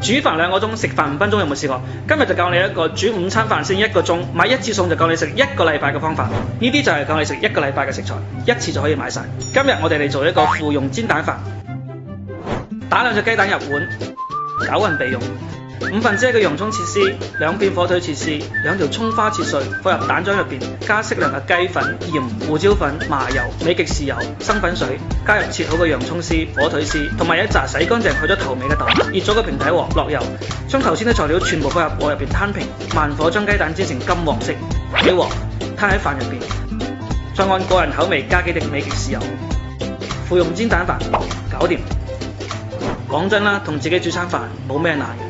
煮飯兩個鐘，食飯五分鐘有冇試過？今日就教你一個煮午餐飯先一個鐘，買一次餸就夠你食一個禮拜嘅方法。呢啲就係夠你食一個禮拜嘅食材，一次就可以買晒。今日我哋嚟做一個芙蓉煎蛋飯，打兩隻雞蛋入碗，攪勻備用。五分之一個洋葱切絲，兩片火腿切絲，兩條葱花切碎，放入蛋漿入面，加適量嘅雞粉、鹽、胡椒粉、麻油、美極豉油、生粉水，加入切好嘅洋葱絲、火腿絲，同埋一紮洗乾淨去咗頭尾嘅蛋。熱咗個平底鍋，落油，將頭先啲材料全部放入鍋入面攤平，慢火將雞蛋煎成金黃色，起鍋，攤喺飯入面，再按個人口味加幾滴美極豉油，芙蓉煎蛋飯搞掂。講真啦，同自己煮餐飯冇咩難。